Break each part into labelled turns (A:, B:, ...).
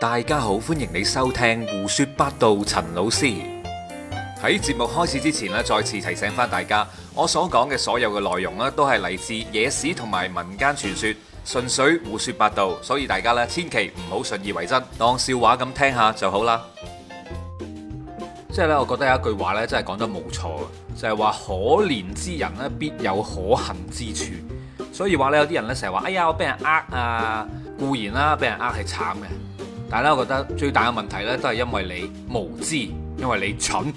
A: 大家好，歡迎你收聽胡說八道。陳老師喺節目開始之前呢，再次提醒翻大家，我所講嘅所有嘅內容呢，都係嚟自野史同埋民間傳說，純粹胡說八道，所以大家呢，千祈唔好信以為真，當笑話咁聽下就好啦。即係呢，我覺得有一句話呢，真係講得冇錯，就係話可憐之人呢，必有可恨之處。所以話呢，有啲人呢，成日話，哎呀，我俾人呃啊，固然啦，俾人呃係慘嘅。但係我覺得最大嘅問題咧，都係因為你無知，因為你蠢。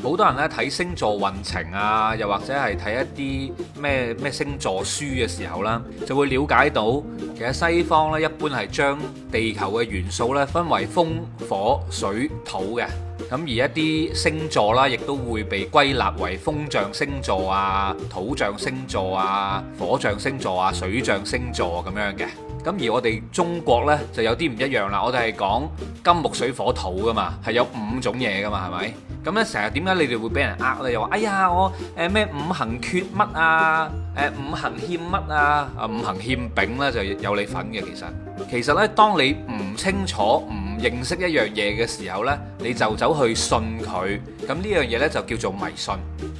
A: 好多人咧睇星座運程啊，又或者係睇一啲咩咩星座書嘅時候啦，就會了解到其實西方咧一般係將地球嘅元素呢分為風、火、水、土嘅。咁而一啲星座啦，亦都會被歸納為風象星座啊、土象星座啊、火象星座啊、水象星座咁樣嘅。咁而我哋中國呢，就有啲唔一樣啦。我哋係講金木水火土噶嘛，係有五種嘢噶嘛，係咪？咁呢成日點解你哋會俾人呃咧？又話哎呀，我誒咩、呃、五行缺乜啊？誒五行欠乜啊？啊五行欠丙呢，就有你份嘅。其實其實呢，當你唔清楚唔認識一樣嘢嘅時候呢，你就走去信佢，咁呢樣嘢呢，就叫做迷信。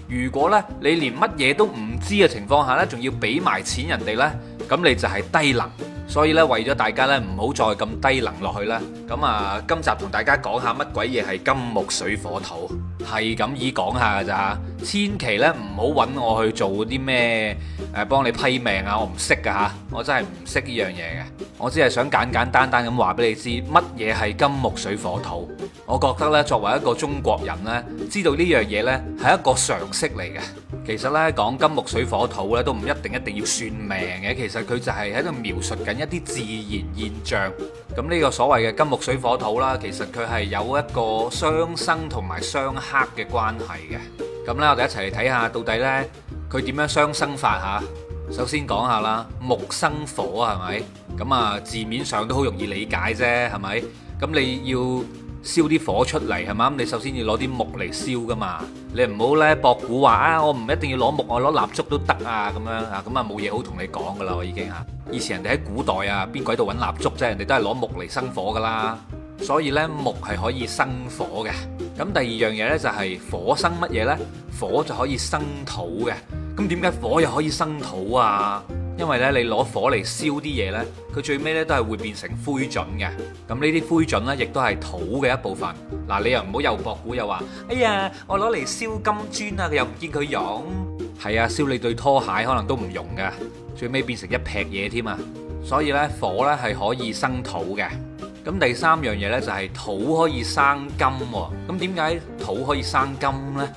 A: 如果呢，你連乜嘢都唔知嘅情況下呢，仲要俾埋錢人哋呢，咁你就係低能。所以呢，為咗大家呢，唔好再咁低能落去啦。咁啊，今集同大家講下乜鬼嘢係金木水火土，係咁 而講下咋。千祈咧唔好揾我去做啲咩誒，幫你批命啊！我唔識㗎吓，我真係唔識呢樣嘢嘅。我只係想簡簡單單咁話俾你知乜嘢係金木水火土。我覺得咧，作為一個中國人咧，知道呢樣嘢咧係一個常識嚟嘅。其實咧，講金木水火土咧，都唔一定一定要算命嘅。其實佢就係喺度描述緊一啲自然現象。咁呢個所謂嘅金木水火土啦，其實佢係有一個相生同埋相克嘅關係嘅。咁啦，我哋一齊嚟睇下，到底呢，佢點樣相生法嚇、啊？首先講下啦，木生火係咪？咁啊，字面上都好容易理解啫，係咪？咁你要燒啲火出嚟係嘛？咁你首先要攞啲木嚟燒噶嘛？你唔好呢博古話啊！我唔一定要攞木，我攞蠟燭都得啊！咁樣啊，咁啊冇嘢好同你講噶啦，我已經嚇。以前人哋喺古代啊，邊鬼度揾蠟燭啫？人哋都係攞木嚟生火噶啦，所以呢，木係可以生火嘅。咁第二樣嘢呢，就係火生乜嘢呢？火就可以生土嘅。咁點解火又可以生土啊？因為呢，你攞火嚟燒啲嘢呢，佢最尾呢都係會變成灰燼嘅。咁呢啲灰燼呢，亦都係土嘅一部分。嗱，你又唔好又博古又話，哎呀，我攞嚟燒金磚啊，佢又唔見佢用。係啊，燒你對拖鞋可能都唔用㗎，最尾變成一劈嘢添啊！所以呢，火呢係可以生土嘅。咁第三樣嘢呢，就係土可以生金喎，哦，咁點解土可以生金呢？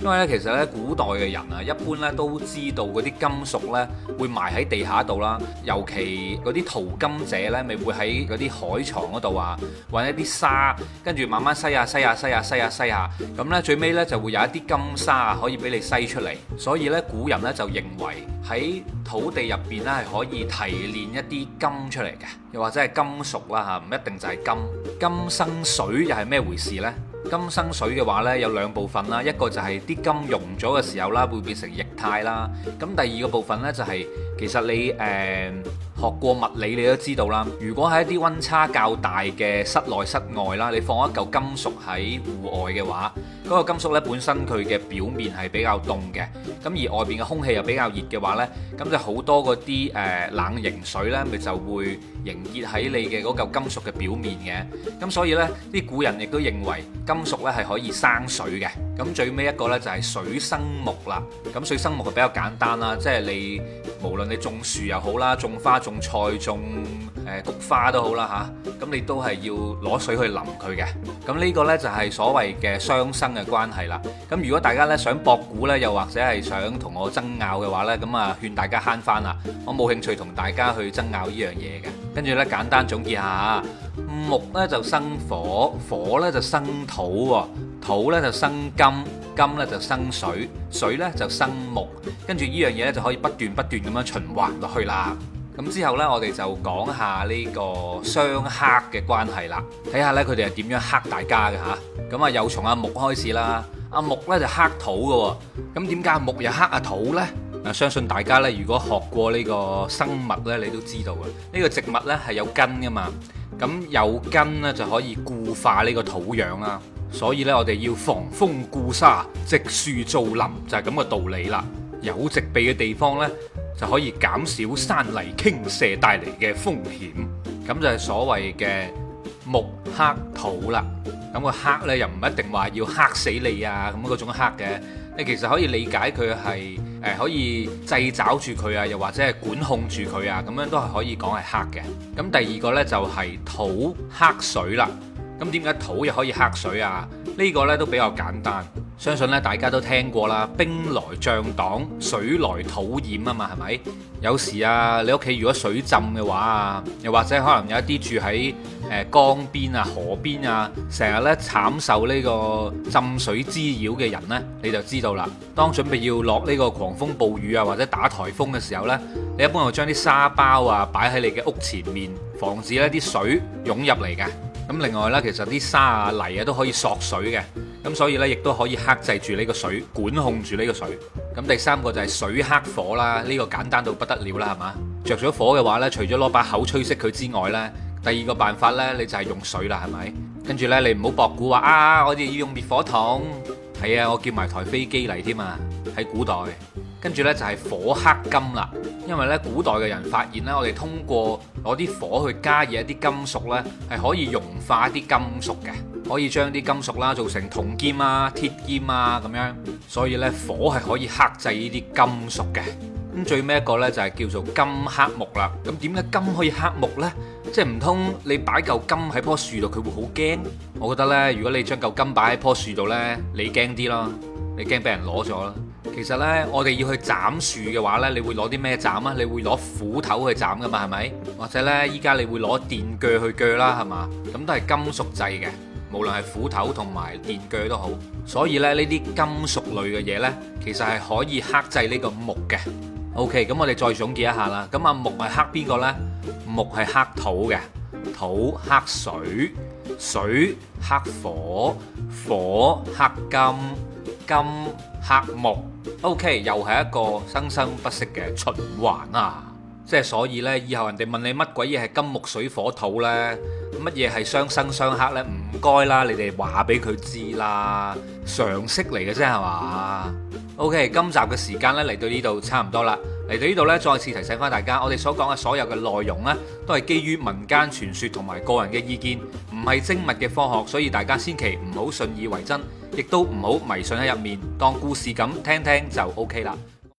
A: 因為咧，其實咧，古代嘅人啊，一般咧都知道嗰啲金屬咧會埋喺地下度啦，尤其嗰啲淘金者咧，咪會喺嗰啲海床嗰度啊，揾一啲沙，跟住慢慢篩啊篩啊篩啊篩啊篩啊，咁咧最尾呢就會有一啲金沙啊可以俾你篩出嚟。所以呢，古人呢就認為喺土地入邊咧係可以提煉一啲金出嚟嘅，又或者係金屬啦嚇，唔一定就係金。金生水又係咩回事呢？金生水嘅話呢，有兩部分啦，一個就係啲金溶咗嘅時候啦，會變成液態啦。咁第二個部分呢、就係，就係其實你誒、呃、學過物理你都知道啦，如果喺一啲溫差較大嘅室內室外啦，你放一嚿金屬喺戶外嘅話。嗰個金屬咧本身佢嘅表面係比較凍嘅，咁而外邊嘅空氣又比較熱嘅話咧，咁就好多嗰啲誒冷凝水咧，咪就會凝結喺你嘅嗰嚿金屬嘅表面嘅。咁所以咧，啲古人亦都認為金屬咧係可以生水嘅。咁最尾一個咧就係水生木啦。咁水生木就比較簡單啦，即係你無論你種樹又好啦，種花種菜種誒菊花都好啦嚇，咁你都係要攞水去淋佢嘅。咁呢個咧就係所謂嘅相生關係啦，咁如果大家咧想博古咧，又或者係想同我爭拗嘅話咧，咁啊，勸大家慳翻啦，我冇興趣同大家去爭拗呢樣嘢嘅。跟住呢，簡單總結下，木呢就生火，火呢就生土，土呢就生金，金呢就生水，水呢就生木，跟住呢樣嘢咧就可以不斷不斷咁樣循環落去啦。咁之後呢，我哋就講下呢個相克嘅關係啦，睇下呢，佢哋係點樣克大家嘅嚇。咁啊，又從阿木開始啦，阿木呢，就克土嘅。咁點解木又克阿土呢？嗱，相信大家呢，如果學過呢個生物呢，你都知道啦。呢個植物呢，係有根嘅嘛，咁有根呢，就可以固化呢個土壤啦。所以呢，我哋要防風固沙、植樹造林就係咁嘅道理啦。有植被嘅地方呢，就可以減少山泥傾瀉帶嚟嘅風險，咁就係所謂嘅木克土啦。咁、那個克呢，又唔一定話要克死你啊，咁嗰種克嘅，你其實可以理解佢係誒可以制找住佢啊，又或者係管控住佢啊，咁樣都係可以講係克嘅。咁第二個呢，就係、是、土克水啦。咁點解土又可以克水啊？呢、這個呢都比較簡單，相信咧大家都聽過啦。兵來將擋，水來土掩啊嘛，係咪？有時啊，你屋企如果水浸嘅話，又或者可能有一啲住喺江邊啊、河邊啊，成日呢慘受呢個浸水滋擾嘅人呢，你就知道啦。當準備要落呢個狂風暴雨啊，或者打颱風嘅時候呢，你一般會將啲沙包啊擺喺你嘅屋前面，防止呢啲水湧入嚟嘅。咁另外啦，其實啲沙啊、泥啊都可以索水嘅，咁所以呢，亦都可以克制住呢個水，管控住呢個水。咁第三個就係水克火啦，呢個簡單到不得了啦，係嘛？着咗火嘅話呢，除咗攞把口吹熄佢之外呢，第二個辦法呢，你就係用水啦，係咪？跟住呢，你唔好博古話啊，我哋要用滅火筒。係啊，我叫埋台飛機嚟添啊，喺古代。跟住呢就係、是、火克金啦，因為呢，古代嘅人發現呢，我哋通過攞啲火去加熱一啲金屬呢係可以融化啲金屬嘅，可以將啲金屬啦做成銅劍啊、鐵劍啊咁樣，所以呢，火係可以克制呢啲金屬嘅。咁、嗯、最尾一個呢，就係、是、叫做金克木啦。咁點解金可以克木呢？即係唔通你擺嚿金喺樖樹度，佢會好驚？我覺得呢，如果你將嚿金擺喺樖樹度呢，你驚啲咯，你驚俾人攞咗啦。其實呢，我哋要去斬樹嘅話呢，你會攞啲咩斬啊？你會攞斧頭去斬噶嘛？係咪？或者呢，依家你會攞電鋸去鋸啦，係嘛？咁都係金屬製嘅，無論係斧頭同埋電鋸都好。所以咧，呢啲金屬類嘅嘢呢，其實係可以克制呢個木嘅。OK，咁我哋再總結一下啦。咁啊，木係克邊個呢？木係克土嘅，土克水，水克火，火克金。金克木，OK，又係一個生生不息嘅循環啊！即係所以呢，以後人哋問你乜鬼嘢係金木水火土呢？乜嘢係相生相克呢？唔該啦，你哋話俾佢知啦，常識嚟嘅啫係嘛？OK，今集嘅時間咧嚟到呢度差唔多啦，嚟到呢度呢，再次提醒翻大家，我哋所講嘅所有嘅內容呢，都係基於民間傳說同埋個人嘅意見，唔係精密嘅科學，所以大家千祈唔好信以為真。亦都唔好迷信喺入面，當故事咁聽聽就 OK 啦。